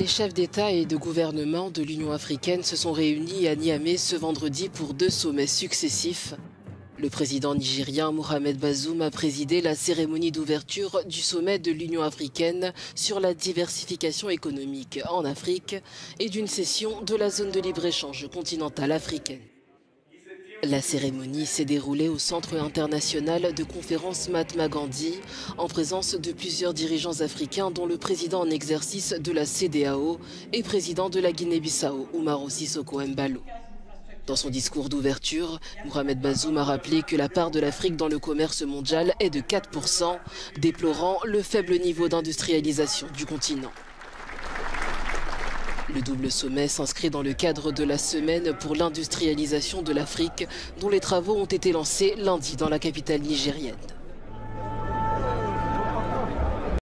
Les chefs d'État et de gouvernement de l'Union africaine se sont réunis à Niamey ce vendredi pour deux sommets successifs. Le président nigérien Mohamed Bazoum a présidé la cérémonie d'ouverture du sommet de l'Union africaine sur la diversification économique en Afrique et d'une session de la zone de libre-échange continentale africaine. La cérémonie s'est déroulée au Centre international de conférence Mahatma Gandhi en présence de plusieurs dirigeants africains dont le président en exercice de la CDAO et président de la Guinée-Bissau, Oumaro Sissoko Embalo. Dans son discours d'ouverture, Mohamed Bazoum a rappelé que la part de l'Afrique dans le commerce mondial est de 4%, déplorant le faible niveau d'industrialisation du continent. Le double sommet s'inscrit dans le cadre de la semaine pour l'industrialisation de l'Afrique, dont les travaux ont été lancés lundi dans la capitale nigérienne.